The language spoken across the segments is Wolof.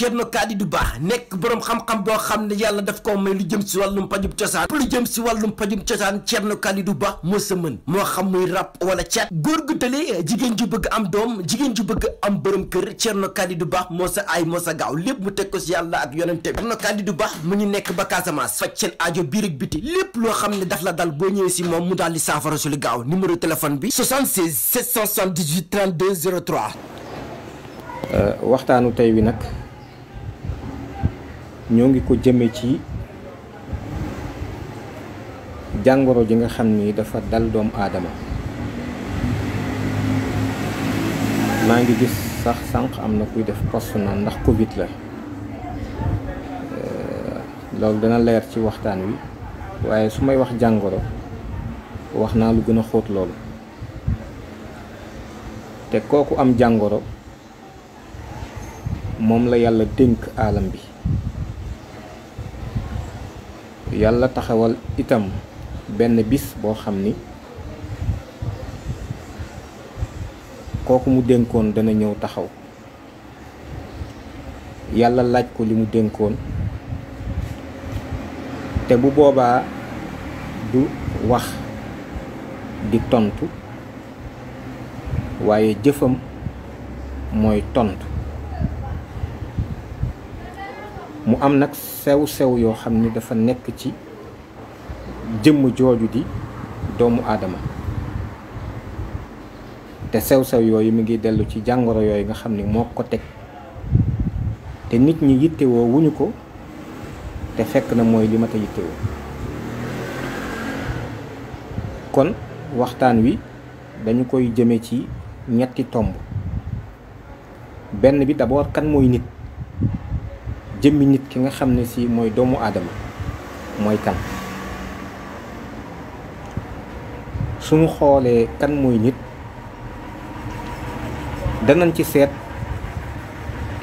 Thierno du baax nekk boroom xam-xam boo xam ne yàlla daf koo may lu jëm si wàllum pajum cosaan lu jëm si wàllum pajum cosaan Thierno Kadidou Ba moo sa mën moo xam muy rap wala cat góor gu tële jigéen ju bëgg am doom jigéen ju bëgg am boroom kër Thierno du baax moo sa aay moo sa gaaw lépp mu teg ko si yàlla ak yonente bi Thierno Kadidou Ba mu ñu nekk ba Casamance faj seen aajo biir ak biti lépp loo xam ne daf la dal boo ñëwee si moom mu daal di saafara su lu gaaw numéro téléphone bi 76 778 32 03 waxtaanu tey wi nag ñoo ngi ko jëme ci jàngoro ji nga xam ni dafa dal doomu aadama maa ngi gis sax sànq am na kuy def post naan ndax Covid la euh, loolu dana leer ci waxtaan wi waaye su may wax jàngoro wax naa lu gën a xóot loolu te kooku am jàngoro moom la yàlla dénk aalam bi yàlla taxawal itam benn bis boo xam ni kooku mu dénkoon dana ñëw taxaw yàlla laaj ko li mu dénkoon te bu boobaa du wax di tontu waaye jëfam mooy tontu mu am nag sew-sew yoo xam ni dafa nekk ci jëmm jooju di doomu aadama te sew-sew yooyu mi ngi dellu ci jàngoro yooyu nga xam ni moo ko teg te nit ñi yittewoo wuñu ko te fekk na mooy li ma ta kon waxtaan wi dañu koy jëme ci ñetti tomb benn bi d'abord kan mooy nit jëmmi nit ki nga xam ne si mooy doomu aadama mooy kan suñu xoolee kan mooy nit danañ ci seet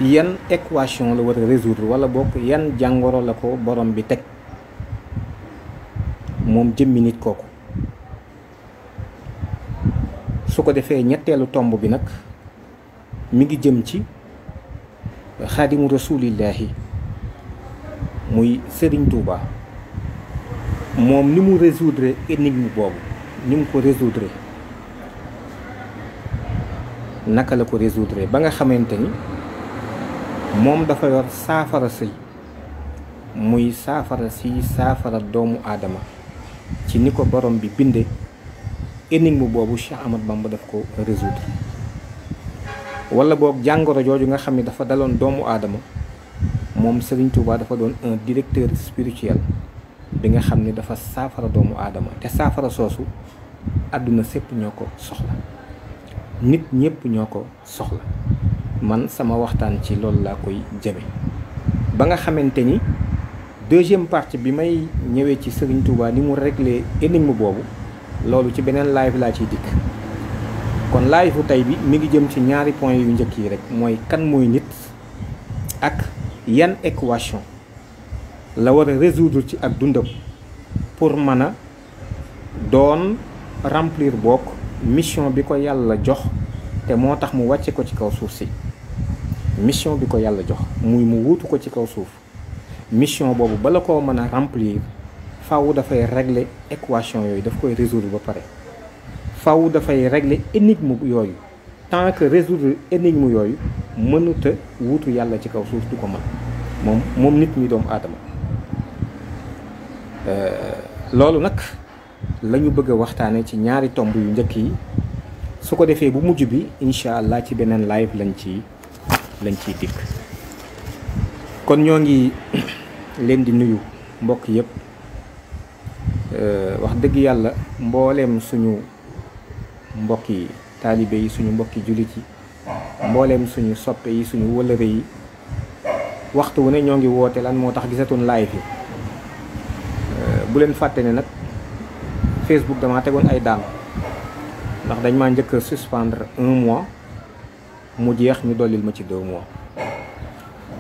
yan équation la war a résoudre wala bokk yan jàngoro la ko borom bi teg moom jëmmi nit kooku su ko defee ñetteelu tomb bi nag mi ngi jëm ci xaadimu rasulillahi muy Serigne Touba moom ni mu résoudre énigme boobu ni mu ko résoudre naka la ko résoudre ba nga xamante ni moom dafa yor saafara si muy saafara si saafara doomu aadama ci ni ko borom bi binde énigme boobu Cheikh Ahmad Bamba def ko résoudre walla boog jàngoro jooju nga xam ne dafa daloon doomu aadama moom Serigne Touba dafa doon un directeur spirituel bi nga xam ne dafa saafara doomu aadama te saafara soosu àdduna sépp ñoo ko soxla nit ñëpp ñoo ko soxla man sama waxtaan ci loolu laa koy jëme ba nga xamante ni deuxième partie bi may ñëwee ci Serigne Touba ni mu réglé énigme boobu loolu ci beneen live laa ciy dikk kon live bu tey bi mi ngi jëm ci ñaari point yu njëkk yi rek mooy kan mooy nit ak yan équation la war a résoudre ci ak dundam pour mën a doon remplir bokk mission bi ko yàlla jox te moo tax mu wàcce ko ci kaw suuf si mission bi ko yàlla jox muy mu wutu ko ci kaw suuf mission boobu bala ko mën a remplir faw dafay régler équation yooyu daf koy résoudre ba pare faw dafay régler énigme yooyu tant que résoudre énigme yooyu mënuta wuutu yàlla ci kaw suuf du ko mën moom moom nit ñi doomu aadama euh, loolu nag la ñu bëgg waxtaane ci ñaari tomb yu njëkk yi su ko defee bu mujj bi incha allah ci beneen live lañ ci lañ ciy dikk kon ñoo ngi leen di nuyu mbokk yëpp euh, wax dëgg yàlla mbooleem suñu mbokki taalibe yi suñu mbokki jullit yi mbooleem suñu soppe yi suñu wëlëre yi waxtu wu ne ñoo ngi wootee lan moo tax gisatu live yi euh, bu leen fàtte ne nag Facebook damaa tegoon ay daan ndax dañ maa njëkk suspendre un mois mu jeex ñu dollil ma ci deux mois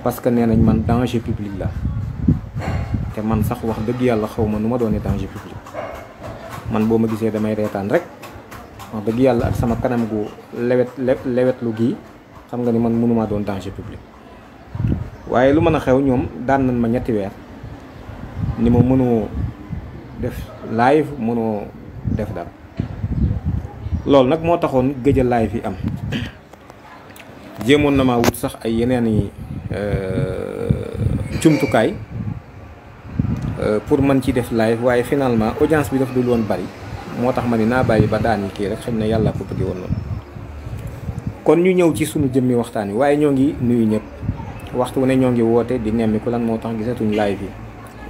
parce que nee nañ man danger public la te man sax wax dëgg yàlla xaw ma nu ma doone danger public man boo ma gisee damay reetaan rek wax dëgg yàlla ak sama kanam gu lewet lewetlu gii xam nga ni man mënumaa doon danger public waaye lu mën a xew ñoom daan nan ma ñetti weer ni ma mënoo def live mënoo def dara loolu nag moo taxoon gëj a live yi am jéemoon na maa wut sax ay yeneen i euh, jumtukaay euh, pour man ci def live waaye finalement audience bi daf dul woon bari moo tax ma ni naa bàyyi ba daan yi kii rek xam na yàllaa ko bëgg woon noonu kon ñu ñëw ci sunu jëmmi waxtaan wi waaye ñoo ngi nuyu ñëpp. waxtu ne ñoo ngi woote di nemmiku lan moo tax gisatuñ live yi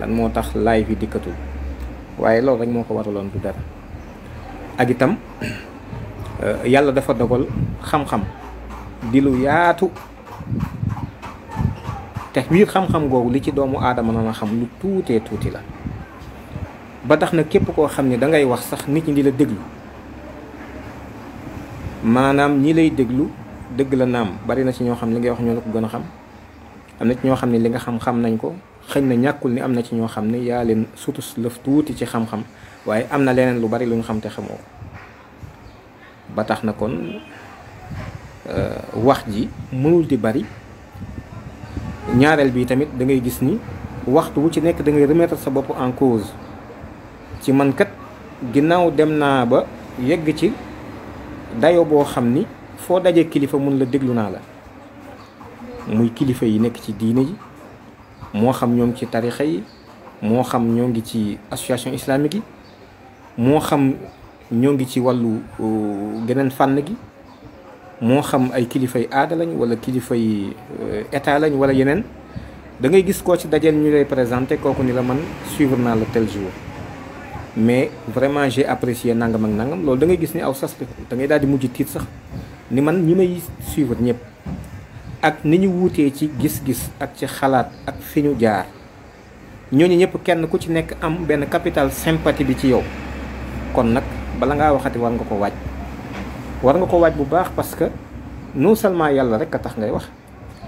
lan moo tax live yi dikkatul waaye loolu rek moo ko waraloon du dara ak itam euh, yàlla dafa dogal xam-xam di lu yaatu te biir xam-xam googu li ci doomu aadama noonu xam lu tuutee tuuti la ba tax na képp koo xam ne dangay wax sax nit ñi di la déglu maanaam ñi lay déglu dégg la naam bari na ci ñoo xam li ngay wax ñoo la ko gën a xam am na ci ñoo xam ne li nga xam xam nañ ko xëñ na ñàkkul ni am na ci ñoo xam ne yaa leen sutus lëf tuuti ci xam-xam waaye am na leneen lu bari lu ñu xam te xamoo ba tax na kon euh, wax ji mënul di bari ñaareel bii tamit dangay gis ni waxtu wu ci nekk da ngay remettre sa bopp en cause ci man kat ginnaaw dem naa ba yegg ci dayo boo xam ni foo daje kilifa mun la déglu naa la muy kilifa yi nekk ci diine yi moo xam ñoo ngi ci tarixa yi moo xam ñoo ngi ci association islamique yi moo xam ñoo ngi ci wàllu euh, geneen fànn gi moo xam ay kilifay aada lañ wala kilifay euh, état lañu wala yeneen dangay gis koo ci dajeel ñu lay présenté kooku ni la man suivre naa la tel jour mais vraiment j'ai apprécié nangam ak nangam loolu da ngay gis ni aw sas da ngay daal di mujj tiit sax ni man ñi may suivre ñëpp ak ni ñu wuutee ci gis-gis ak ci xalaat ak fi ñu jaar ñooñu ñëpp kenn ku ci nekk am benn capital sympathie bi ci yow kon nag bala ngaa waxati war nga ko waaj war nga ko waaj bu baax parce que non seulement yàlla rek a tax ngay wax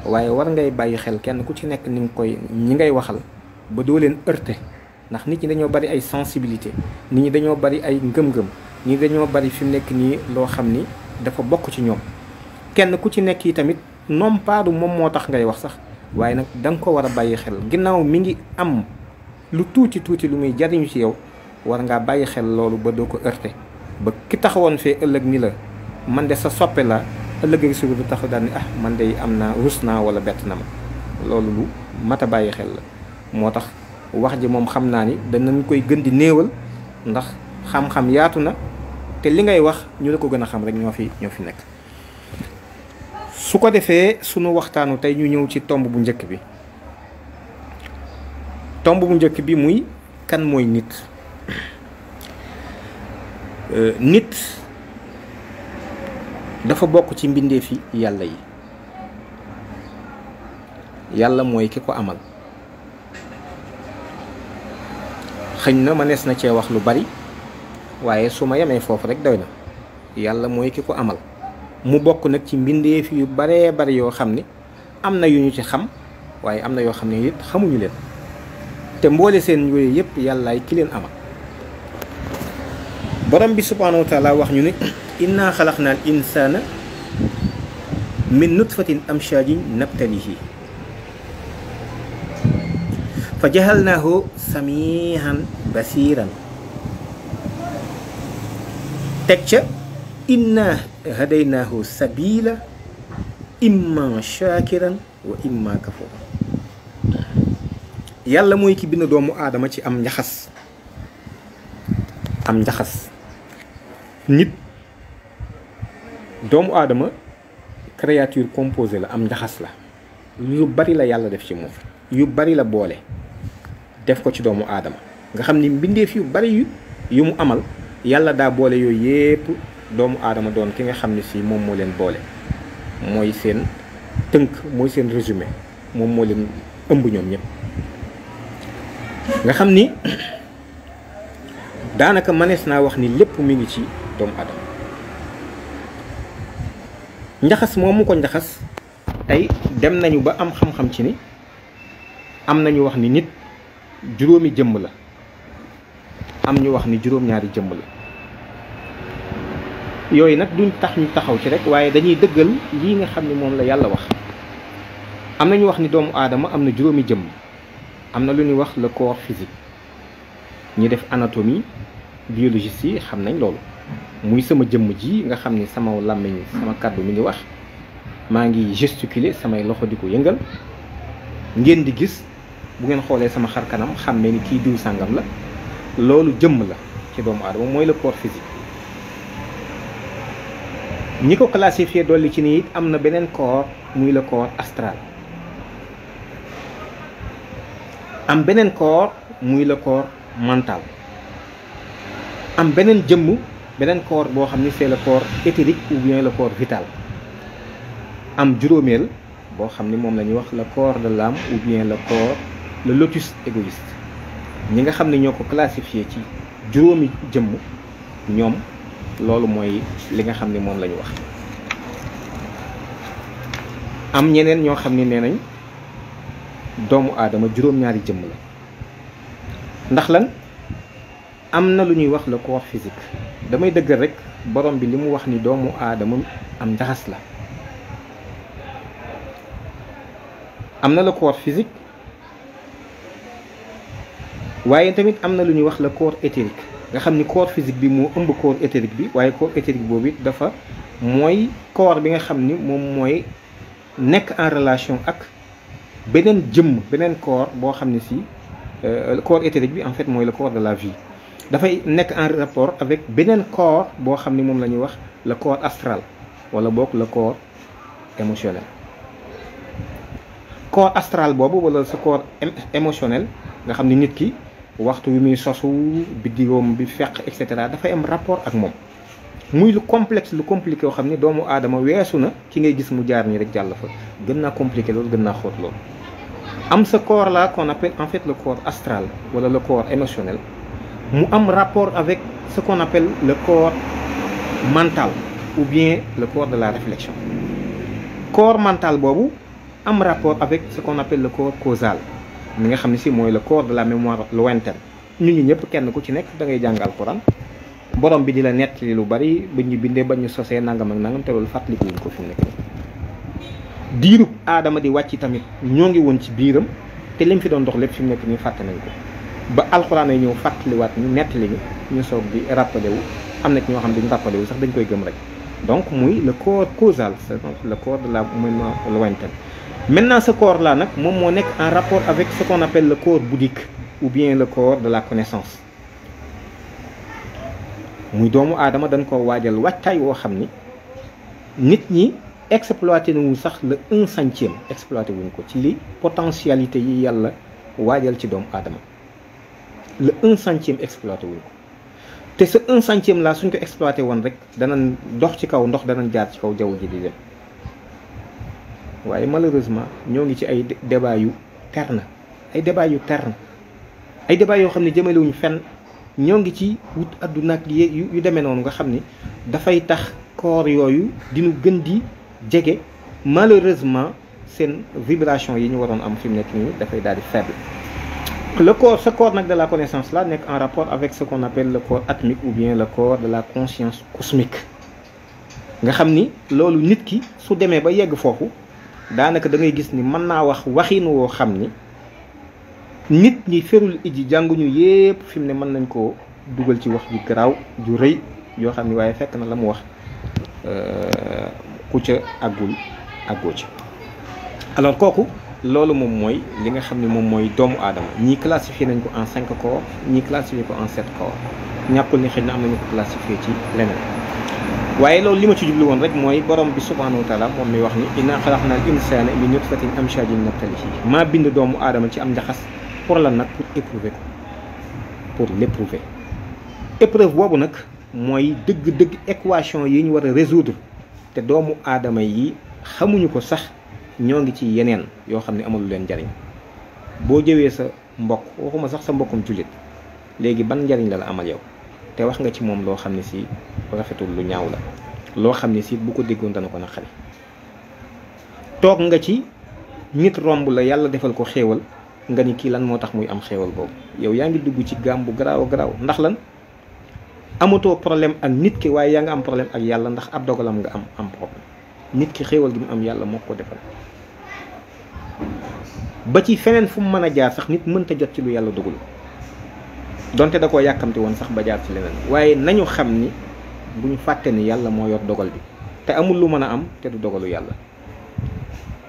waaye war ngay bàyyi xel kenn ku ci nekk ni nga koy ñi ngay waxal ba doo leen heurter ndax nit ñi dañoo bari ay sensibilité nit ñi dañoo bari ay ngëm-ngëm nit ñi dañoo bari fi mu nekk nii loo xam ni dafa bokk ci ñoom kenn ku ci nekk nompaadu moom moo tax ngay wax sax waaye nag da nga ko war a bàyyi xel ginnaaw mi ngi am lu tuuti tuuti lu muy jariñu ci yow war ngaa bàyyi xel loolu ba doo ko heurté ba ki taxawoon fee ëllëg ni la man de sa soppe la ëllëg ak suba du taxaw daal ni ah man de am naa rus naa wala bett na ma loolu lu mat a bàyyi xel la moo tax wax ji moom xam naa ni danañ koy gën di néewal ndax xam-xam yaatu na te li ngay wax ñu la ko gën a xam rek ñoo fi ñoo fi nekk su ko defee sunu waxtaanu tey ñu ñëw ci tomb bu njëkk bi tomb bu njëkk bi muy kan mooy nit euh, nit dafa bokk ci yi yàlla yi yàlla mooy ki ko amal xëñ na mënees na cee wax lu bari waaye su ma yemee foofu rek doy na yàlla mooy ki ko amal mu bokk nag ci mbindeef yu bare bari yoo xam ne am na yu ñu ci xam waaye am na yoo xam ne it xamuñu leen te mboole seen yooyu yëpp yàllaay ki leen amal boroom bi subhaanahu wa taala wax ñu ne inna xalaqna al insana min nutfatin amshajin nabtalihi fa jaxalnaahu samihan basiran teg ca inna hadaynaahu sabila imma shakiran wa imma kafura yàlla mooy ki bind doomu aadama ci am njaxas am njaxas nit doomu aadama créature composé la am njaxas la yu bari la yàlla def ci moom yu bari la boole def ko ci doomu aadama nga xam ni mbindeef yu bari yu mu amal yàlla daa boole yooyu yépp doomu aadama doon ki nga xam ne si moom moo leen boole mooy seen tënk mooy seen résumé moom moo leen ëmb ñoom ñëpp nga xam ni daanaka mënees naa wax ni lépp mi ngi ci doomu aadama njaxas moomu ko njaxas tey dem nañu ba am xam-xam ci ni am nañu wax ni nit juróomi jëmm la am ñu wax ni juróom-ñaari jëmm la yooyu nag duñ tax ñu taxaw ci rek waaye dañuy dëggal lii nga xam ne moom la yàlla wax am na ñu wax ni doomu aadama am na juróomi jëmm am na lu ñuy wax la corps physique ñu def anatomie biologiste yi xam nañ loolu muy sama jëmm ji nga xam ni sama làmmiñ sama kàddu mi ngi wax maa ngi gesticuler samay loxo di ko yëngal ngeen di gis bu ngeen xoolee sama xar kanam xam ne ni kii diw sàngam la loolu jëmm la ci doomu aadama mooy le corps physique ñi ko classifié dolli ci nii it am na beneen corps muy la corps astral am beneen corps muy la corps mental am beneen jëmm beneen corps boo xam ni c'est le corps éthérique ou bien le corps vital am juróomeel boo xam ni moom la ñuy wax la corps de l'âme ou bien la corps le lotus égoïste ñi nga xam ne ñoo ko classifié ci juróomi jëmm ñoom loolu mooy li nga xam ne moom la wax am ñeneen ñoo xam ni nee nañ doomu aadama juróom-ñaari jëmm la ndax lan am na lu ñuy wax la corps physique damay dëggal rek borom bi li mu wax ni doomu aadama am njaxas la am na la corps physique waaye tamit am na lu ñuy wax la corps éthérique nga xam ni corps physique bi moo ëmb corps éthérique bi waaye corps éthérique boobu dafa mooy corps bi nga xam ni moom mooy nekk en relation ak beneen jëmm beneen corps boo xam ne si euh, corps éthérique bi en fait mooy la corps de la vie dafay nekk en rapport avec beneen corps boo xam ni moom la ñuy wax la corps astral wala boog la corps émotionnel corps astral boobu wala sa corps émotionnel nga xam ni nit ki waxtu wi muy sosu biddiwoom bi feq et cetera dafay am rapport ak moom muy lu complexe lu compliqué yoo xam ne doomu aadama weesu na ki ngay gis mu jaar nii rek jàll fa gën naa compliqué loolu gën naa xoot loolu. am sa corps la qu'on appelle en fait le corps astral wala le corps émotionnel mu am rapport avec ce qu'on appelle le corps mental ou bien le corps de la réflexion corps mantal boobu am rapport avec ce qu'on appelle le corps causal. mi nga xam ne si mooy le corps de la mémoire lointaine ñun ñi ñëpp kenn ku ci nekk dangay ngay jàng alxuraan borom bi di la nettali lu bari ba ñu bindee ba ñu sosee nangam ak nangam te loolu fàttalikuwuñ ko fi mu nekk nii diirub aadama di wàcc tamit ñoo ngi woon ci biiram te lim fi doon dox lépp fi mu nekk nii fàtte nañ ko ba alxuraan yi ñëw fàttaliwaat ñu nettali ñu ñu soog di rappelé wu am na ci ñoo xam ne duñ rappelé wu sax dañ koy gëm rek donc muy le corps causal c'est le corps de la mémoire lointaine maintenant ce corps là nag moom moo nekk en rapport avec ce qu'on appelle le corps dikk ou bien le corps de la connaissance muy doomu aadama dañ koo waajal wàccaay woo xam ni nit ñi exploité nawu sax la un centième exploité wuñ ko ci li potentialité yi yàlla waajal ci doomu aadama la un centième exploité wuñ ko te sa un centième là suñ ko exploité woon rek dana dox ci kaw ndox danañ jaar ci kaw jaww ji di dem waaye malheureusement ñoo ngi ci ay débat yu terne ay débat yu terne ay débat yoo xam ne jëmalewuñu fen ñoo ngi ci wut àdduna ak yu demee noonu nga xam ni dafay tax corps yooyu dinu gën di jege malheureusement seen vibration yi ñu waroon am fi mu nekk nii dafay daal di faible le corps ce corps nag de la connaissance là nekk en rapport avec ce qu'on appelle le corps atmique ou bien le corps de la conscience cosmique nga xam ni loolu nit ki su demee ba yegg foofu daanaka da ngay gis ni mën naa wax waxin woo xam ni nit ñi ferul iji jànguñu yépp fi mu ne mën nañ koo dugal ci wax ju garaaw ju rëy yoo xam ni waaye fekk na la mu wax euh, ku ca àggul àggoo ci alors kooku loolu moom mooy li nga xam ne moom mooy doomu aadama ñii classifié nañ ko en cinq corps ñii classifié ko en sept corps ñàkkul ni xëy na am nañu ko classifié ci leneen waaye loolu li ma ci jublu woon rek mooy borom bi subhanahu wa taala moom mi wax ni inna xalaqna al insana min nutfatin amshajin nabtalihi maa bind doomu aadama ci am njaxas pour lan nag pour éprouver ko pour l'éprouver épreuve boobu nag mooy dëgg-dëgg équation yi ñu war a résoudre te doomu aadama yi xamuñu ko sax ñoo ngi ci yeneen yoo xam ne amalu leen njariñ boo jëwee sa mbokk waxuma sax sa mbokkum jullit léegi ban njariñ la la amal yow te wax nga ci moom loo xam ne si rafetul lu ñaaw loo xam ne si bu ko déggoon dana ko naqari toog nga ci nit romb la yàlla defal ko xéewal nga ni kii lan moo tax muy am xéewal boobu yow yaa ngi dugg ci gaam bu garaaw garaw ndax lan amatoo problème ak nit ki waaye yaa nga am problème ak yàlla ndax ab dogalam nga am am problème nit ki xéewal gi mu am yàlla moo ko defal ba ci feneen fu mu mën a jaar sax nit mënta jot ci lu yàlla dugal donte da ko yàkkamti woon sax ba jaar ci leneen waaye nañu xam ni bu ñu fàtte ni yàlla moo yor dogal bi te amul lu mën a am te du dogalu yàlla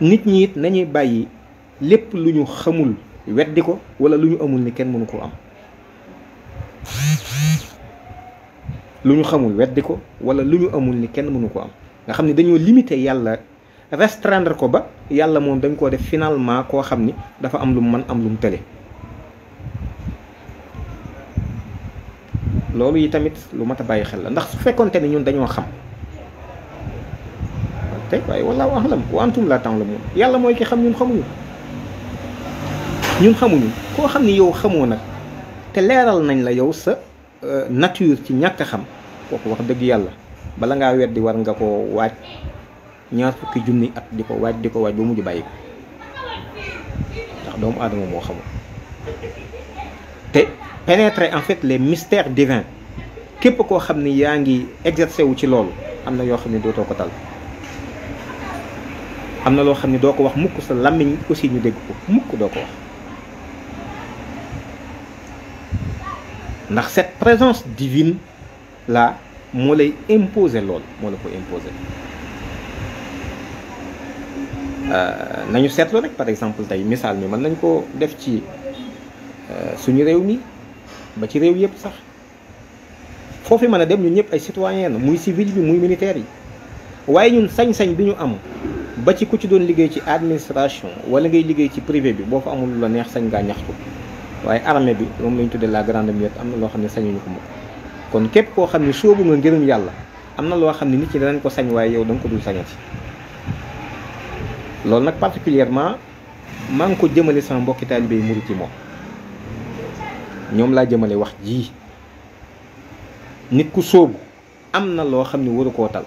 nit ñi it nañuy bàyyi lépp lu ñu xamul weddi ko wala lu ñu amul ni kenn mënu koo am lu ñu xamul weddi ko wala lu ñu amul ni kenn mënu ko am nga xam ne dañoo limité yàlla restreindre ko ba yàlla moom dañ koo def finalement koo xam ni dafa am lu mu mën am lu mu tële loolu yi tamit lu mat a bàyyi xel la ndax su fekkonte ni ñun dañoo xam tey waaye wallaahu a'lam wa antum laa ta'lamuun yàlla mooy ki xam ñun xamuñu ñun xamuñu koo xam ni yow xamoo nag te leeral nañ la yow sa euh, nature ci ñàkk xam kooku wax dëgg yàlla bala ngaa di war nga koo waaj ñaar fukki junni at di ko waaj di ko waaj bu mujj bàyyi ko ndax doomu aadama moo xamul te pénétrer en fait les mystères divins képp koo xam ni yaa ngi exercer wu ci loolu am na yoo xam ne too ko tal am na loo xam ne doo ko wax mukk sa làmmiñ aussi ñu dégg ko mukk doo ko wax ndax cette présence divine là moo lay imposer lool moo la ko imposer euh, nañu seetlu rek par exemple tey misaal mi man nañ ko def ci suñu réew mi ba ci réew yëpp sax foofu man a dem ñun ñëpp ay citoyen muy civil bi muy militaire yi waaye ñun sañ-sañ bi ñu am ba ci ku ci doon liggéey ci administration wala ngay liggéey ci privé bi boo fa amul lu la neex sañ ngaa ñaxtu waaye armée bi moom la ñu tuddee la grande muette am na loo xam ne sañuñu ko moom kon képp koo xam ne soobu nga ngërëm yàlla am na loo xam ne nit ñi danañ ko sañ waaye yow danga ko dul sañati loolu nag particulièrement maa ngi ko jëmale sama mbokki taalibe yi moom ñoom laa jëmale wax jii nit ku sóobu am na loo xam ne waru koo tal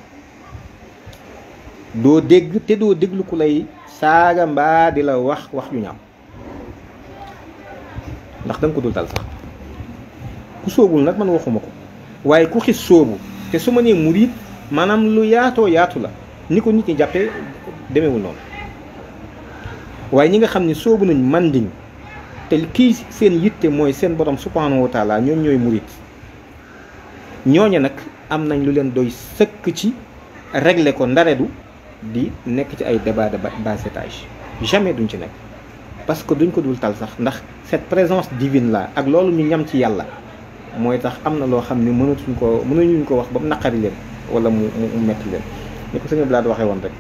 doo dégg te doo déglu ku lay saaga mbaa di la wax wax ju ñaaw ndax danga ko dul tal sax ku sóobul nag man waxuma ko waaye ku xis sóobu te su ma nee murit maanaam lu yaatoo yaatu la ni ko nit ñi jàppee demewul noonu waaye ñi nga xam ne soobu nañ mandiñ te kii seen yitte mooy seen borom subhanahu wa taala ñoom ñooy murit ñooña nag am nañ lu leen doy sëkk ci régler ko ndaredu di nekk ci ay débat de bas étage jamais duñ ci nekk parce que duñ ko dul tal sax ndax cette présence divine là ak loolu ñu ñam ci yàlla mooy tax am na loo xam ne mënatuñ ko mënuñu ko wax ba mu naqari leen wala mu mu metti leen ni ko sëñ Blade waxee woon rek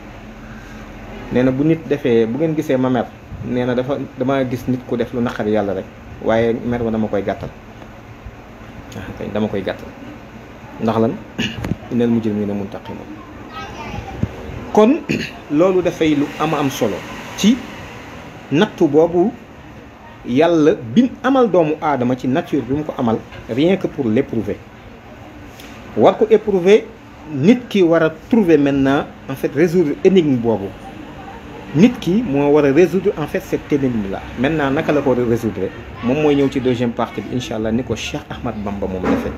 nee na bu nit defee bu ngeen gisee ma mer nee na dafa dama gis nit ku def lu naqari yàlla rek waaye mer ma dama koy gàttal waaw ah, dama koy gàttal ndax lan innal mujrimina muntaqimun kon loolu dafay lu am am solo ci nattu boobu yàlla bi amal doomu aadama ci nature bi mu ko amal rien que pour l'éprouver war ko éprouver nit ki war a trouver maintenant en fait résoudre énigme boobu nit ki moo war a résoudre en fait cette énigme là maintenant naka la ko war moom mooy ñëw ci deuxième partie bi incha allah ni ko Cheikh Ahmad Bamba moom defee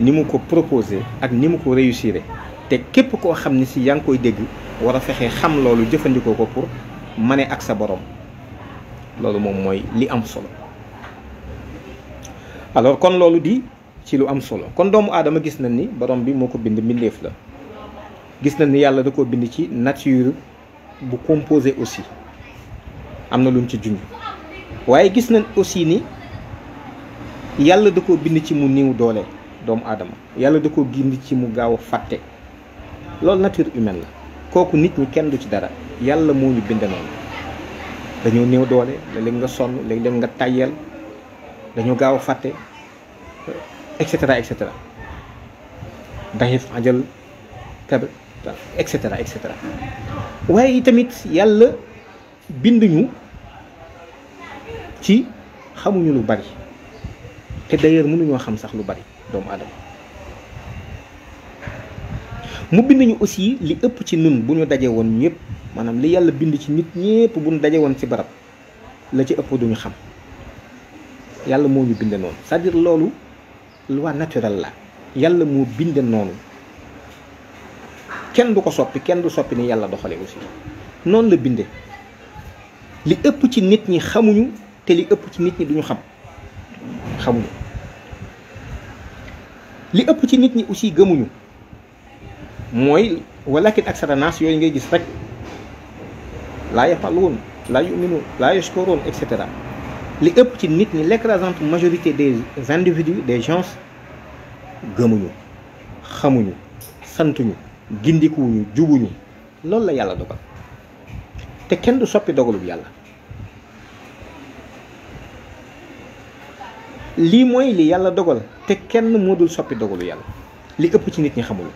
ni mu ko proposé ak ni mu ko réussire te képp koo xam ni si yaa ngi koy dégg war a fexe xam loolu jëfandikoo ko pour ma ne ak sa borom loolu moom mooy li am solo alors kon loolu di ci lu am solo kon doomu aadama gis nañ ni borom bi moo ko bind mbindeef la gis nañ ni yàlla da koo bind ci nature. bu composé aussi am na luñ ci junj waaye gis nañ aussi ni yàlla du ko bind ci mu niiw doole doomu aadama yàlla du ko bind ci mu gaaw a fàtte loolu nature humaine la kooku nit ñi kenn du ci dara yàlla moo ñu bind noonu dañoo néew doole léeg-léeg nga sonn léeg-léeg nga tàyyeel dañoo gaaw a fàtte et cetera et cetera daxif ajal et cetera et cetera waaye tamit yàlla binduñu ci xamuñu lu bari te d'ailleurs mënuñoo xam sax lu bari doomu aadama mu bind ñu aussi li ëpp ci nun bu ñu daje woon ñëpp maanaam li yàlla bind ci nit ñëpp bu ñu daje woon ci barab la ci ëpp duñu xam yàlla moo ñu bind noonu cest loolu loi naturelle la yàlla moo bind noonu kenn du ko soppi kenn du soppi ni yàlla doxale aussi noonu la bindee li ëpp ci nit ñi xamuñu te li ëpp ci nit ñi duñu xam xamuñu li ëpp ci nit ñi aussi gëmuñu mooy walakin aksara naas yooyu ngay gis rek laa yafaluun laa yuminuun laa yashkuruun et cetera li ëpp ci nit ñi l'écrasante majorité des individus des gens gëmuñu xamuñu santuñu gindikuwuñu jubuñu loolu la yàlla dogal te kenn du soppi dogalub yàlla lii mooy li yàlla dogal te kenn moo dul soppi dogalu yàlla li ëpp ci nit ñi xamul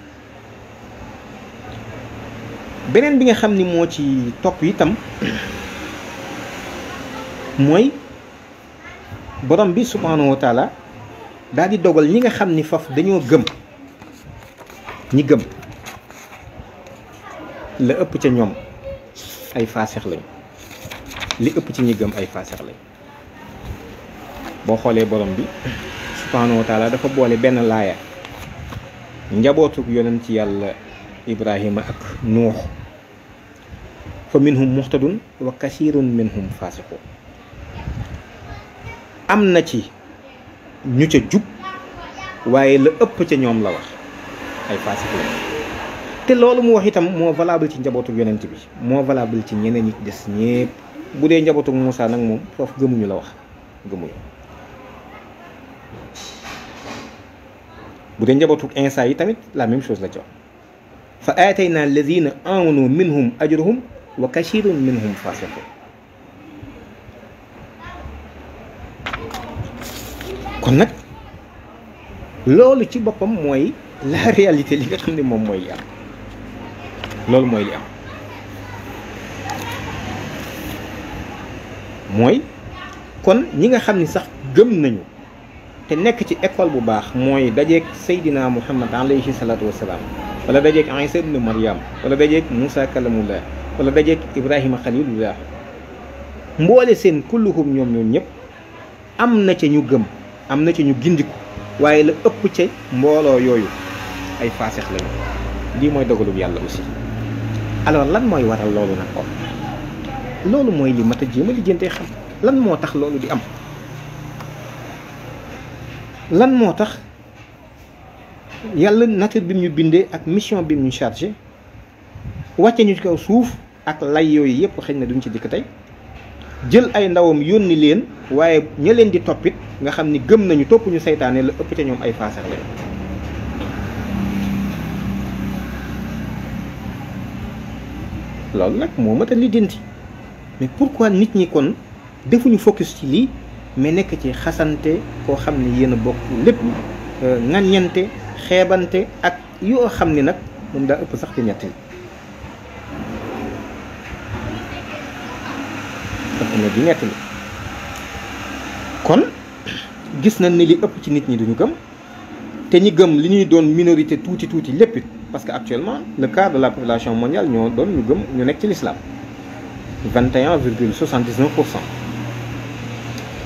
beneen bi nga xam ni moo ci topp yitam mooy borom bi subhaanahu daldi dogal ñi nga xam ni faf dañoo gëm ñi gëm la ëpp ca ñoom ay faasex lañ li ëpp ci ñi gëm ay faasex lañ boo xoolee borom bi subhaanahu wa dafa boole benn laaya njabootuk yonent ci yàlla ibrahima ak nuux fa minhum muhtadun wa kasirun minhum faasiqun am na ci ñu ca jub waaye la ëpp ca ñoom la wax ay faasiq lañ te loolu mu wax itam moo valable ci njabootu yonent bi moo valable ci ñeneen ñi des ñépp bu dee njabootu Moussa nag moom foofu gëmuñu la wax gëmuñu bu dee njabootu Insa yi tamit la même chose la ci wax fa aatayna alladina amanu minhum ajruhum wa kachirun minhum fasiqun kon nag loolu ci boppam mooy la réalité li nga xam ne moom mooy yàlla loolu mooy li am mooy kon ñi nga xam ni sax gëm nañu te nekk ci école bu baax mooy dajeeg Seydina Muhammad alayhi salaatu wasalaam wala dajeeg Isa ibnu Maryam wala dajeeg Moussa kalamullah wala dajeeg Ibrahima xalilullah mboole seen kulluhum ñoom ñoom ñëpp am na ca ñu gëm am na ca ñu gindiku waaye la ëpp ca mbooloo yooyu ay faasix lañu lii mooy dogalub yàlla aussi alors lan mooy waral loolu nag ko loolu mooy li mat a jéem a lijjantee xam lan moo tax loolu di am lan moo tax yàlla nature bi ñu bindee ak mission bi ñu charge wàcce ñu ci kaw suuf ak lay yooyu yëpp xëy na duñ ci dikk tey jël ay ndawam yónni leen waaye ña leen di toppit nga xam ni gëm nañu topp ñu seytaane la ëpp ca ñoom ay faasar leen loolu nag moo mat a lijjanti mais pourquoi nit ñi kon defuñu fokki ci lii mais nekk ci xasante koo xam ne yéen bokk lépp euh, ŋàññante xeebante ak yoo xam ni nag moom daa ëpp sax ci ñett ëpp na di ñett kon gis nañ ni li ëpp ci nit ñi duñu gëm te ñi gëm li ñuy doon minorité tuuti tuuti lépp parce que actuellement le quart de la population mondiale ñoo doon ñu gëm ñu nekk ci l'islam 21 virgule 79 pour cent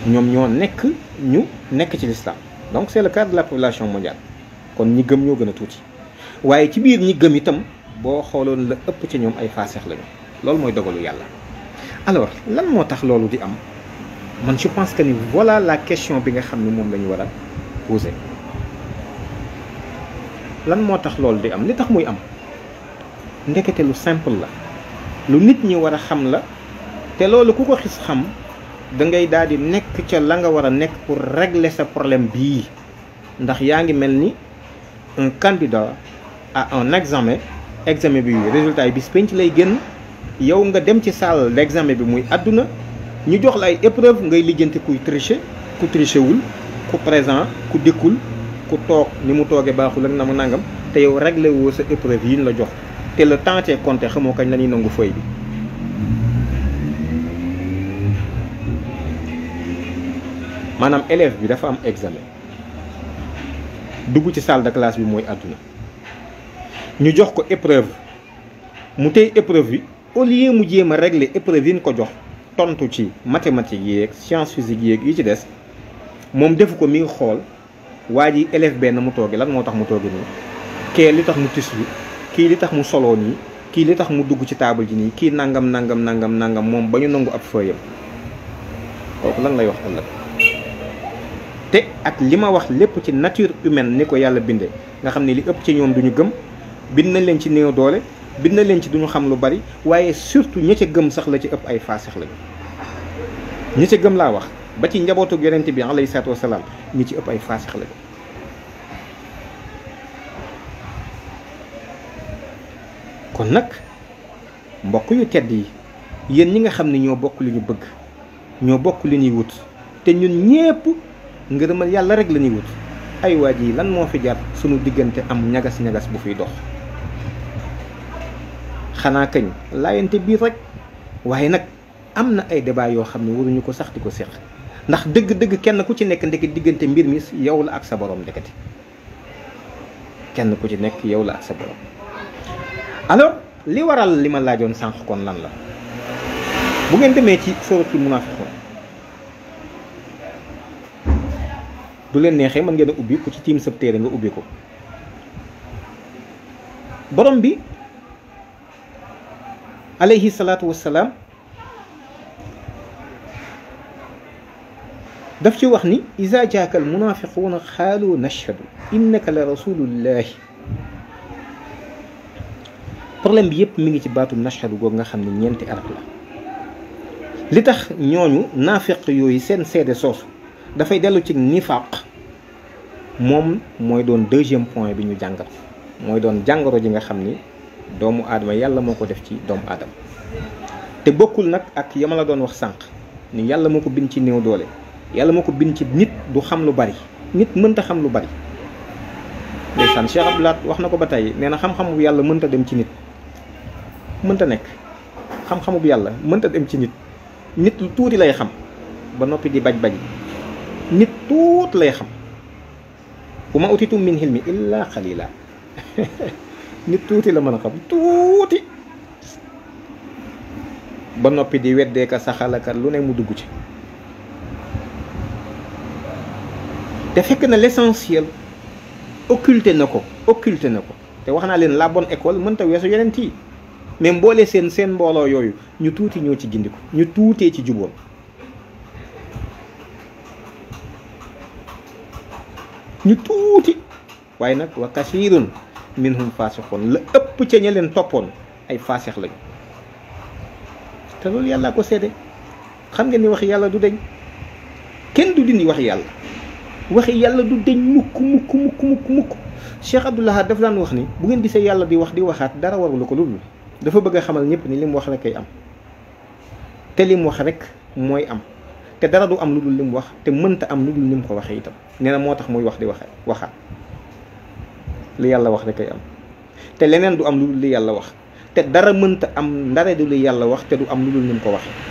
ñoom ñoo nekk ñu nekk ci l'islam donc c'est le quart de la population mondiale kon ñi gëm ñoo gën a tuuti waaye ci biir ñi gëm itam boo xooloon la ëpp ci ñoom ay faasex lañu loolu mooy dogalu yàlla alors lan moo tax loolu di am man je pense que ni voilà la question bi nga xam ne moom la ñu war a poser lan moo tax loolu di am li tax muy am ndekete lu simple la lu nit ñi war a xam la te loolu ku ko xis xam da ngay daal di nekk ca la nga war a nekk pour régler sa problème bii ndax yaa ngi mel ni un candidat à un examen examen bi résultat yi bis penc lay génn yow nga dem ci salle d'examen bi muy àdduna ñu jox la ay épreuve ngay liggante kuy tricher ku tricher wul ku présent ku dikkul ku toog ni mu toogee baaxul ak na mu nangam te yow réglé woo sa épreuve yi ñu la jox te le temps est compté xamoo kañ la ñuy nangu feuille bi. maanaam élève bi dafa am examen dugg ci salle de classe bi mooy àdduna ñu jox ko épreuve mu tey épreuve bi au lieu mu jéem a régler épreuve yi ñu ko jox tontu ci mathématiques yeeg science physique yeeg yi ci des moom defu ko mi ngi xool. waa ji élève benn mu toogi lan moo tax mu toogi nii kee li tax mu tislu kii li tax mu soloo nii kii li tax mu dugg ci table ji nii kii nangam nangam nangam nangam moom ba ñu nangu ab fëyam kooku lan lay wax ëllëg te ak li ma wax lépp ci nature humaine ni ko yàlla binde nga xam ne li ëpp ci ñoom du ñu gëm bind nañ leen ci néew doole bind nañ leen ci duñu xam lu bari waaye surtout ñi ca gëm sax la ci ëpp ay faa faasix la ñi ca gëm laa wax ba ci njabootu yonent bi alayhi salaatu wasalaam ñu ci ëpp ay faasix lañu kon nag mbokk yu tedd yi yéen ñi nga xam ne ñoo bokk li ñu bëgg ñoo bokk li ñuy wut te ñun ñépp ngërëmal yàlla rek la wut ay waaj yi lan moo fi jaar sunu diggante am ñagas-ñagas bu fiy dox xanaa kañ laayante biir rek waaye nag am na ay débat yoo xam ne waruñu ko sax di ko seq ndax dëgg-dëgg kenn ku ci nekk ndeke diggante mbir mi yow la ak sa borom ndekete kenn ku ci nekk yow la ak sa borom alors li waral li ma laajoon sànq kon lan la bu ngeen demee ci suratul munafiqun bu leen neexee mën ngeen a ubbi ku ci tiim sab téere nga ubbi ko borom bi alayhi salaatu salaam daf ci wax ni isa jaaka al munafiquuna xaalu nashhadu innaka la rasulullahi problème bi yëpp mi ngi ci baatu nashhadu googu nga xam ne ñeenti arab la li tax ñooñu naafiq yooyu seen seede soosu dafay dellu ci nifaq moom mooy doon deuxième point bi ñu jàngal mooy doon jàngoro ji nga xam ni doomu aadama yàlla moo ko def ci doomu aadama te bokkul nag ak yama la doon wax sànq ni yàlla moo ko bind ci néew doole yàlla moo ko bind ci nit du xam lu bari nit mënta xam lu bari ndeysaan Cheikh Abdou Lahad wax na ko ba tey nee na xam-xamu yàlla mënta dem ci nit mënta nekk xam-xamu yàlla mënta dem ci nit nit lu tuuti lay xam ba noppi di baj baji nit tuuti lay xam wa ma utitum min hilmi illa qalila nit tuuti la mën a xam tuuti ba noppi di weddeeka saxalaka lu ne mu dugg ci te fekk na l'essentiel occulté na ko occulté na ko te wax naa leen la bonne école mënta weesu yeneen yi mais mboole seen seen mbooloo yooyu ñu tuuti ñoo ci gindi ko ñu tuutee ci jubóol ñu tuuti waaye nag wa kasirun minhum faasixoon la ëpp ca ña leen toppoon ay faasix lañu te loolu yàllaa ko seede xam nga ni wax yàlla du deñ kenn du dindi wax yàlla waxi yàlla du deñ mukk mukk mukk mukk mukk Cheikh Abdoul daf dafa daan wax ni bu ngeen gisee yàlla di wax di waxaat dara warul ko ludul dafa bëgg a xamal ñëpp ni li mu wax rek ay am te li mu wax rek mooy am te dara du am lu dul li mu wax te mënta am lu ko waxee itam nee na moo tax muy wax di waxe waxaat li yàlla wax rek ay am te leneen du am lu dul li yàlla wax te dara mënta am ndare du li yàlla wax te du am lu dul ni mu ko waxee